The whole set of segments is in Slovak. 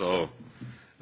So,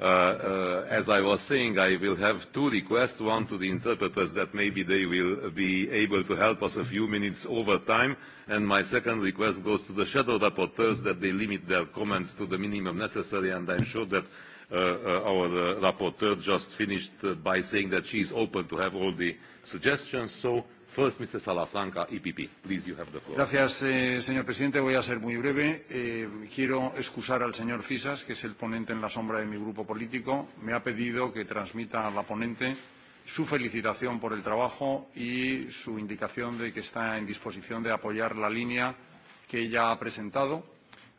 uh, uh, as I was saying, I will have two requests, one to the interpreters that maybe they will be able to help us a few minutes over time, and my second request goes to the shadow rapporteurs that they limit their comments to the minimum necessary, and I'm sure that uh, uh, our uh, rapporteur just finished uh, by saying that she is open to have all the suggestions, so First, Mr. Salafranca, EPP. Please, you have the floor. Gracias, eh, señor presidente. Voy a ser muy breve. Eh, quiero excusar al señor Fisas, que es el ponente en la sombra de mi grupo político. Me ha pedido que transmita a la ponente su felicitación por el trabajo y su indicación de que está en disposición de apoyar la línea que ella ha presentado.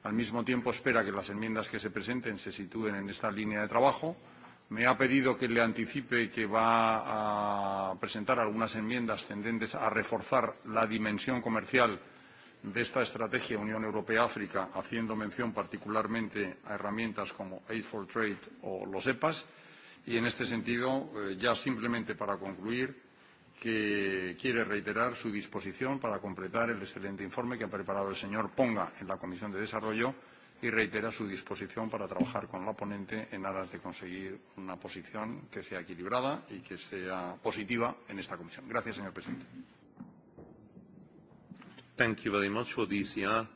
Al mismo tiempo, espera que las enmiendas que se presenten se sitúen en esta línea de trabajo me ha pedido que le anticipe que va a presentar algunas enmiendas tendentes a reforzar la dimensión comercial de esta estrategia Unión Europea-África, haciendo mención particularmente a herramientas como Aid for Trade o los EPAs. Y en este sentido, eh, ya simplemente para concluir, que quiere reiterar su disposición para completar el excelente informe que ha preparado el señor Ponga en la Comisión de Desarrollo y reitera su disposición para trabajar con la ponente en aras de conseguir una posición que sea equilibrada y que sea positiva en esta comisión. Gracias, señor presidente. Thank you very much for the ECR.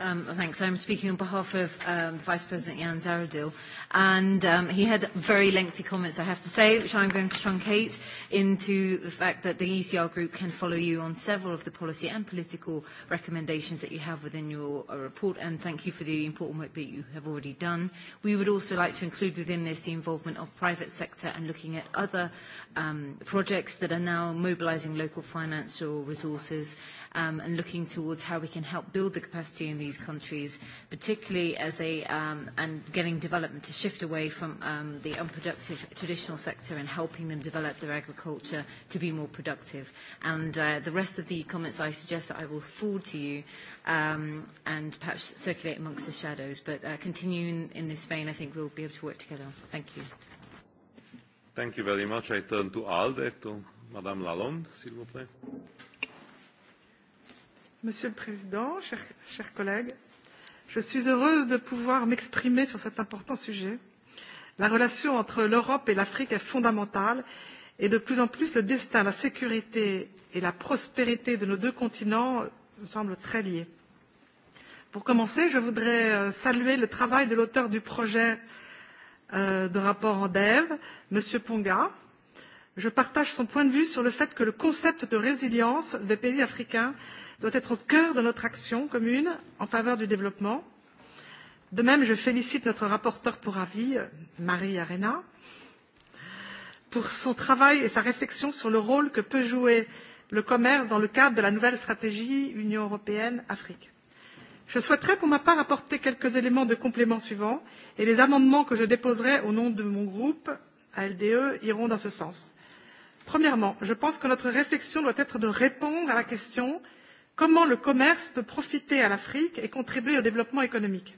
Um, thanks. I'm speaking on behalf of um, Vice President Jan Zaradil. And um, he had very lengthy comments, I have to say, which I'm going to truncate into the fact that the ECR group can follow you on several of the policy and political recommendations that you have within your uh, report. And thank you for the important work that you have already done. We would also like to include within this the involvement of private sector and looking at other um, projects that are now mobilizing local financial resources um, and looking towards how we can help build the capacity in these countries, particularly as they um, and getting development to shift away from um, the unproductive traditional sector and helping them develop their agriculture to be more productive. And uh, the rest of the comments I suggest that I will forward to you um, and perhaps circulate amongst the shadows. But uh, continuing in this vein, I think we'll be able to work together. Thank you. Thank you very much. I turn to ALDE, to Madame Lalonde, s'il vous plaît. Monsieur le Président, chers, collègues, je suis heureuse de pouvoir m'exprimer sur cet important sujet. La relation entre l'Europe et l'Afrique est fondamentale et de plus en plus le destin, la sécurité et la prospérité de nos deux continents me semblent très liés. Pour commencer, je voudrais euh, saluer le travail de l'auteur du projet euh, de rapport en DEV, M. Ponga. Je partage son point de vue sur le fait que le concept de résilience des pays africains doit être au cœur de notre action commune en faveur du développement. De même, je félicite notre rapporteure pour avis, Marie Arena, pour son travail et sa réflexion sur le rôle que peut jouer le commerce dans le cadre de la nouvelle stratégie Union européenne-Afrique. Je souhaiterais pour ma part apporter quelques éléments de complément suivants et les amendements que je déposerai au nom de mon groupe ALDE iront dans ce sens. Premièrement, je pense que notre réflexion doit être de répondre à la question comment le commerce peut profiter à l'afrique et contribuer au développement économique.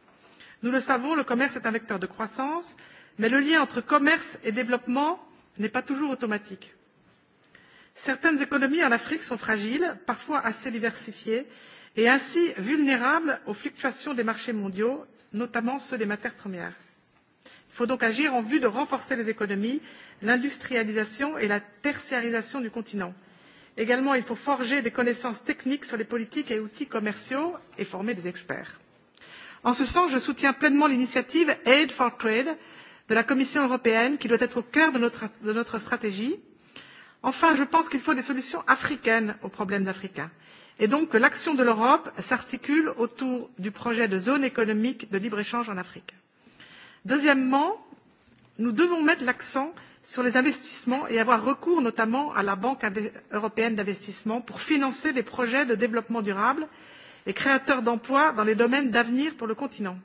nous le savons le commerce est un vecteur de croissance mais le lien entre commerce et développement n'est pas toujours automatique. certaines économies en afrique sont fragiles parfois assez diversifiées et ainsi vulnérables aux fluctuations des marchés mondiaux notamment ceux des matières premières. il faut donc agir en vue de renforcer les économies l'industrialisation et la tertiarisation du continent également il faut forger des connaissances techniques sur les politiques et outils commerciaux et former des experts. en ce sens je soutiens pleinement l'initiative aid for trade de la commission européenne qui doit être au cœur de notre, stratégie. enfin je pense qu'il faut des solutions africaines aux problèmes africains et donc que l'action de l'europe s'articule autour du projet de zone économique de libre échange en afrique. deuxièmement nous devons mettre l'accent sur les investissements et avoir recours notamment à la Banque européenne d'investissement pour financer les projets de développement durable et créateurs d'emplois dans les domaines d'avenir pour le continent.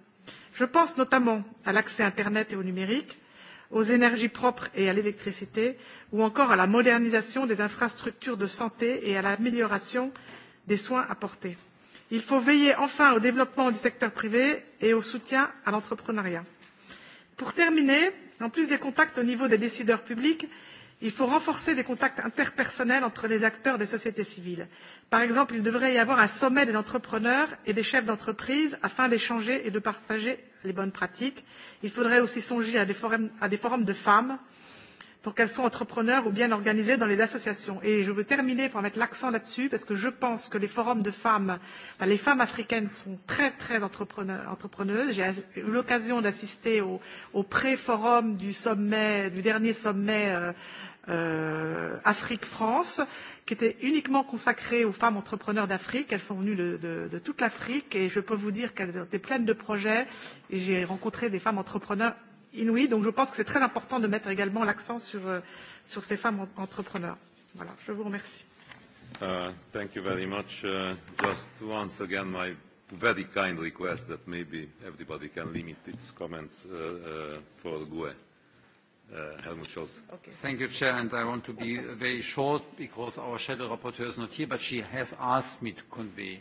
Je pense notamment à l'accès à Internet et au numérique, aux énergies propres et à l'électricité, ou encore à la modernisation des infrastructures de santé et à l'amélioration des soins apportés. Il faut veiller enfin au développement du secteur privé et au soutien à l'entrepreneuriat. Pour terminer, en plus des contacts au niveau des décideurs publics il faut renforcer les contacts interpersonnels entre les acteurs des sociétés civiles. par exemple il devrait y avoir un sommet des entrepreneurs et des chefs d'entreprise afin d'échanger et de partager les bonnes pratiques. il faudrait aussi songer à des forums, à des forums de femmes pour qu'elles soient entrepreneurs ou bien organisées dans les associations. Et je veux terminer pour mettre l'accent là-dessus parce que je pense que les forums de femmes, enfin, les femmes africaines sont très très entrepreneuses. J'ai eu l'occasion d'assister au, au pré-forum du sommet, du dernier sommet euh, euh, Afrique-France qui était uniquement consacré aux femmes entrepreneurs d'Afrique. Elles sont venues de, de, de toute l'Afrique et je peux vous dire qu'elles étaient pleines de projets. Et j'ai rencontré des femmes entrepreneurs inouïe. Donc je pense que c'est très important de mettre également l'accent sur, euh, sur ces femmes entrepreneurs. Voilà, je vous remercie. Uh, thank you very much. Uh, just once again, my very kind request that maybe everybody can limit its comments uh, uh, for GUE. Uh, Helmut Scholz. Okay. Thank you, Chair, and I want to be very short because our shadow rapporteur is not here, but she has asked me to convey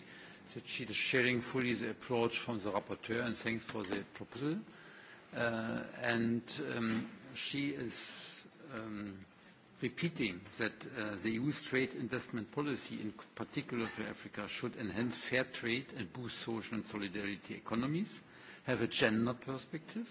that she is sharing fully the approach from the rapporteur, and thanks for the proposal. Uh, Uh, and um, she is um, repeating that uh, the EU's trade investment policy, in particular for Africa, should enhance fair trade and boost social and solidarity economies, have a gender perspective,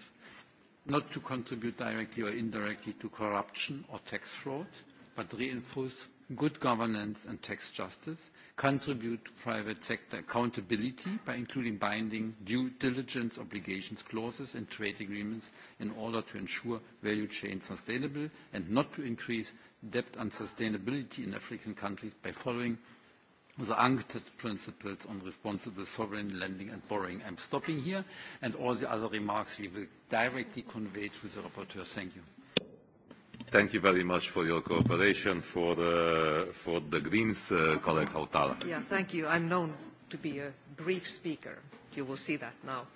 not to contribute directly or indirectly to corruption or tax fraud, but reinforce good governance and tax justice, contribute to private sector accountability by including binding due diligence obligations clauses in trade agreements in order to ensure value chain sustainable and not to increase debt and sustainability in African countries by following the UNCTAD principles on responsible sovereign lending and borrowing. I'm stopping here, and all the other remarks we will directly convey to the rapporteur. Thank you. Thank you very much for your cooperation for, uh, for the Greens, uh, colleague Hautala. Yeah, thank you. I'm known to be a brief speaker. You will see that now.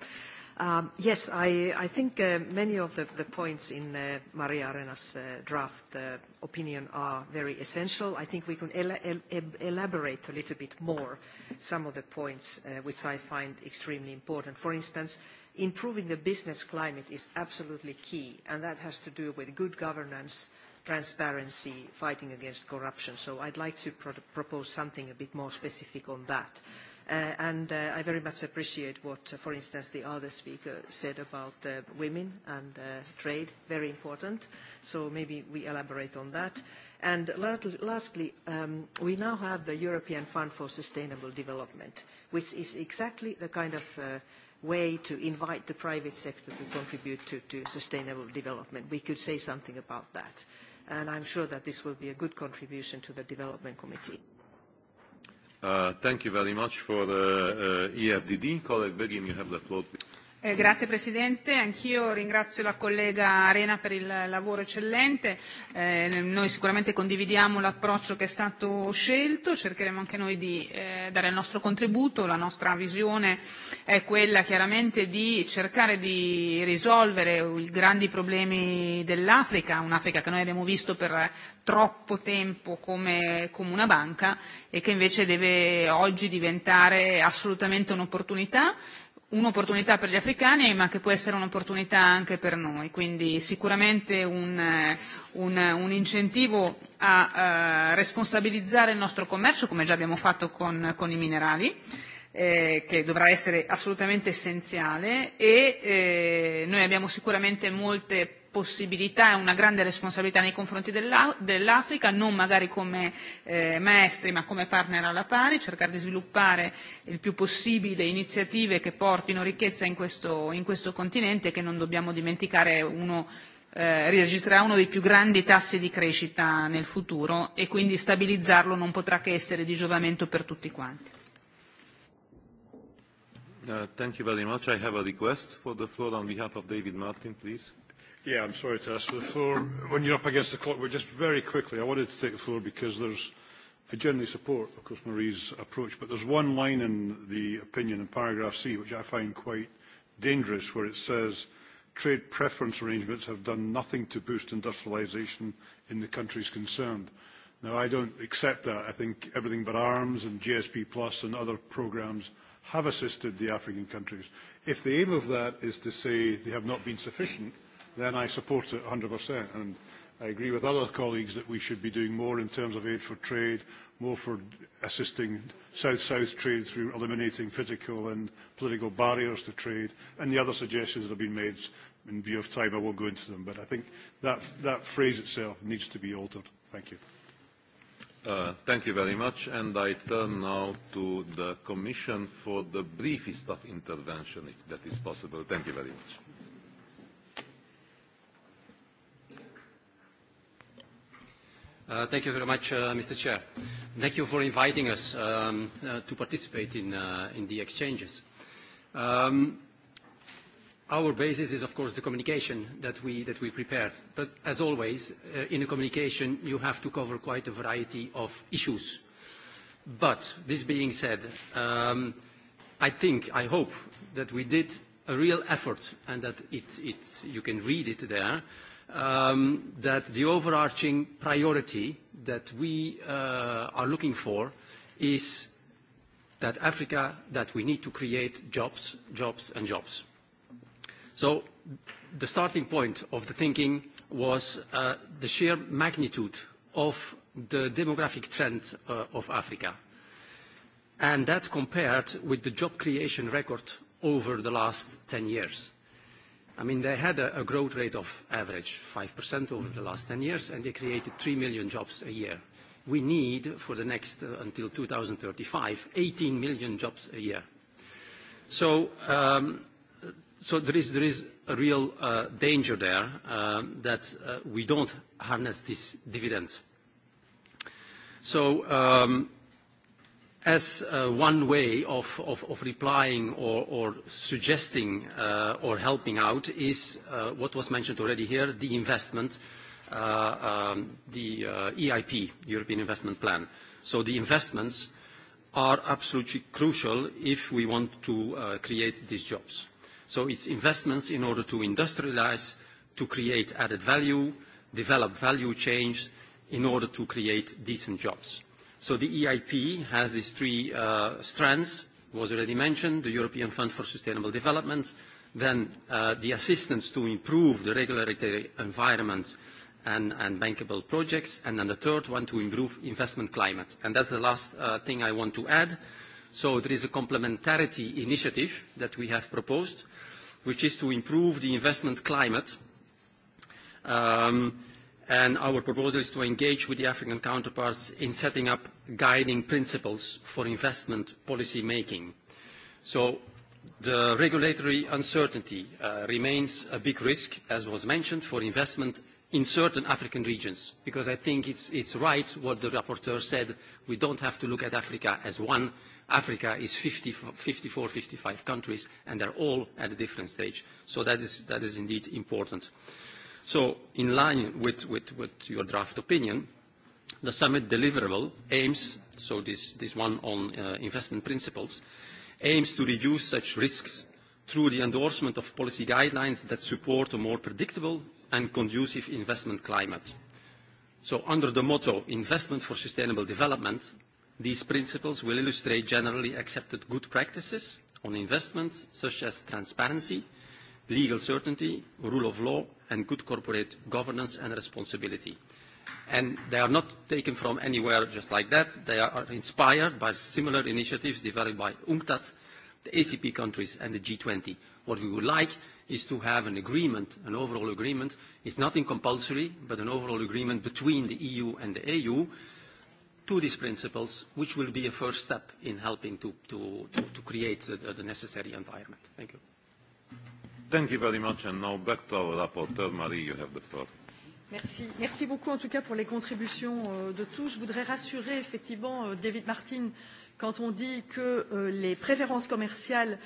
Um, yes, I, I think uh, many of the, the points in uh, Maria Arena's uh, draft uh, opinion are very essential. I think we can el el elaborate a little bit more some of the points uh, which I find extremely important. For instance, improving the business climate is absolutely key, and that has to do with good governance, transparency, fighting against corruption. So I'd like to pro propose something a bit more specific on that. Uh, and uh, I very much appreciate what, uh, for instance, the other speaker said about uh, women and uh, trade, very important. So maybe we elaborate on that. And lastly, um, we now have the European Fund for Sustainable Development, which is exactly the kind of uh, way to invite the private sector to contribute to, to sustainable development. We could say something about that. And I'm sure that this will be a good contribution to the Development Committee. Uh, thank you very much for the uh, EFDD. Colleague Begin, you have the floor. Please. Eh, grazie Presidente, anch'io ringrazio la collega Arena per il lavoro eccellente. Eh, noi sicuramente condividiamo l'approccio che è stato scelto, cercheremo anche noi di eh, dare il nostro contributo. La nostra visione è quella chiaramente di cercare di risolvere i grandi problemi dell'Africa, un'Africa che noi abbiamo visto per troppo tempo come, come una banca e che invece deve oggi diventare assolutamente un'opportunità un'opportunità per gli africani ma che può essere un'opportunità anche per noi, quindi sicuramente un, eh, un, un incentivo a uh, responsabilizzare il nostro commercio come già abbiamo fatto con, con i minerali. Eh, che dovrà essere assolutamente essenziale e eh, noi abbiamo sicuramente molte possibilità e una grande responsabilità nei confronti dell'Africa, non magari come eh, maestri ma come partner alla pari, cercare di sviluppare il più possibile iniziative che portino ricchezza in questo, in questo continente che non dobbiamo dimenticare uno eh, registrerà uno dei più grandi tassi di crescita nel futuro e quindi stabilizzarlo non potrà che essere di giovamento per tutti quanti. Uh, thank you very much. I have a request for the floor on behalf of David Martin, please. Yeah, I'm sorry to ask for the floor. When you're up against the clock, but just very quickly, I wanted to take the floor because there's, I generally support, of course, Marie's approach, but there's one line in the opinion in paragraph C which I find quite dangerous where it says, trade preference arrangements have done nothing to boost industrialisation in the countries concerned. Now, I don't accept that. I think everything but arms and GSP Plus and other programmes have assisted the African countries. If the aim of that is to say they have not been sufficient, then I support it 100%. And I agree with other colleagues that we should be doing more in terms of aid for trade, more for assisting South-South trade through eliminating physical and political barriers to trade, and the other suggestions that have been made in view of time, I won't go into them, but I think that, that phrase itself needs to be altered. Thank you. Uh, thank you very much, and I turn now to the Commission for the briefest of intervention, if that is possible. Thank you very much. Uh, thank you very much, uh, Mr. Chair. Thank you for inviting us um, uh, to participate in, uh, in the exchanges. Um, our basis is, of course, the communication that we, that we prepared. But as always, uh, in a communication, you have to cover quite a variety of issues. But this being said, um, I think, I hope, that we did a real effort and that it, it, you can read it there, Um, that the overarching priority that we uh, are looking for is that Africa, that we need to create jobs, jobs and jobs. So the starting point of the thinking was uh, the sheer magnitude of the demographic trend uh, of Africa. And that compared with the job creation record over the last 10 years. I mean, they had a, a growth rate of average 5% over the last 10 years, and they created 3 million jobs a year. We need, for the next, uh, until 2035, 18 million jobs a year. So, um, so there, is, there is a real uh, danger there um, that uh, we don't harness this dividend. So, um, as uh, one way of, of, of replying or, or suggesting uh, or helping out is uh, what was mentioned already here, the investment, uh, um, the uh, EIP, European Investment Plan. So the investments are absolutely crucial if we want to uh, create these jobs. So it's investments in order to industrialize, to create added value, develop value change in order to create decent jobs. So the EIP has these three uh, strands, was already mentioned, the European Fund for Sustainable Development, then uh, the assistance to improve the regulatory environment and, and bankable projects, and then the third one to improve investment climate. And that's the last uh, thing I want to add. So there is a complementarity initiative that we have proposed, which is to improve the investment climate um, and our proposal is to engage with the African counterparts in setting up guiding principles for investment policy making. So the regulatory uncertainty uh, remains a big risk, as was mentioned, for investment in certain African regions, because I think it's, it's right what the rapporteur said, we don't have to look at Africa as one. Africa is 50, 54, 55 countries, and they're all at a different stage. So that is, that is indeed important. Uh, so in line with, with, with your draft opinion, the summit deliverable aims, so this, this one on uh, investment principles, aims to reduce such risks through the endorsement of policy guidelines that support a more predictable and conducive investment climate. So under the motto, investment for sustainable development, these principles will illustrate generally accepted good practices on investment, such as transparency, legal certainty, rule of law, and good corporate governance and responsibility. And they are not taken from anywhere just like that. They are inspired by similar initiatives developed by UNCTAD, the ACP countries, and the G20. What we would like is to have an agreement, an overall agreement. It's nothing compulsory, but an overall agreement between the EU and the AU to these principles, which will be a first step in helping to, to, to, create the, the necessary environment. Thank you. Thank you very much. now back to our rapporteur. Marie, you have the floor. Merci. Merci beaucoup en tout cas pour les contributions euh, de tous. Je voudrais rassurer effectivement euh, David Martin quand on dit que euh, les préférences commerciales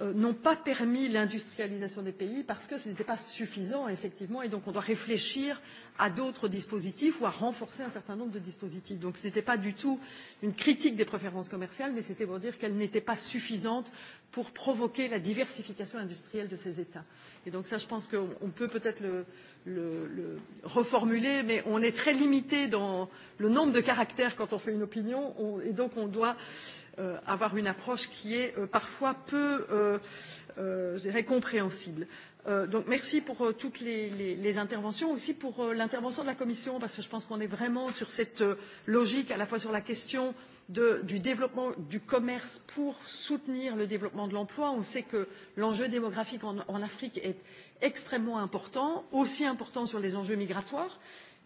euh, n'ont pas permis l'industrialisation des pays parce que ce n'était pas suffisant, effectivement, et donc on doit réfléchir à d'autres dispositifs ou à renforcer un certain nombre de dispositifs. Donc ce n'était pas du tout une critique des préférences commerciales, mais c'était pour dire qu'elles n'étaient pas suffisantes pour provoquer la diversification industrielle de ces États. Et donc ça, je pense qu'on peut peut-être le, le, le reformuler, mais on est très limité dans le nombre de caractères quand on fait une opinion, on, et donc on doit euh, avoir une approche qui est euh, parfois peu, euh, euh, dirais, compréhensible. Euh, donc merci pour euh, toutes les, les, les interventions, aussi pour euh, l'intervention de la Commission, parce que je pense qu'on est vraiment sur cette euh, logique, à la fois sur la question de, du développement du commerce pour soutenir le développement de l'emploi. On sait que l'enjeu démographique en, en Afrique est extrêmement important, aussi important sur les enjeux migratoires.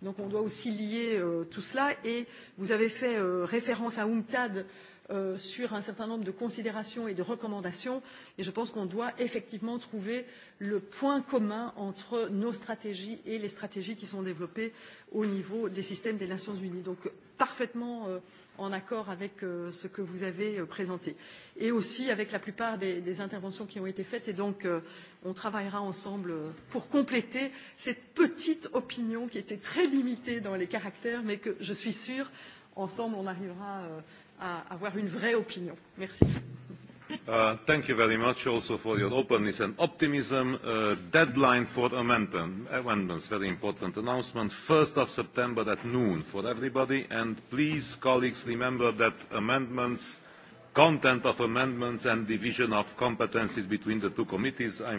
Donc on doit aussi lier euh, tout cela. Et vous avez fait euh, référence à UNCTAD euh, sur un certain nombre de considérations et de recommandations et je pense qu'on doit effectivement trouver le point commun entre nos stratégies et les stratégies qui sont développées au niveau des systèmes des Nations Unies. Donc parfaitement euh, en accord avec euh, ce que vous avez euh, présenté et aussi avec la plupart des, des interventions qui ont été faites et donc euh, on travaillera ensemble euh, pour compléter cette petite opinion qui était très limitée dans les caractères mais que je suis sûre ensemble, on arrivera euh, à avoir une vraie opinion. Merci. Uh, thank you very much also for your openness and optimism. Uh, deadline for amendment, amendments, very important announcement, 1st of September at noon for everybody. And please, colleagues, remember that amendments, content of amendments and division of competencies between the two committees, I'm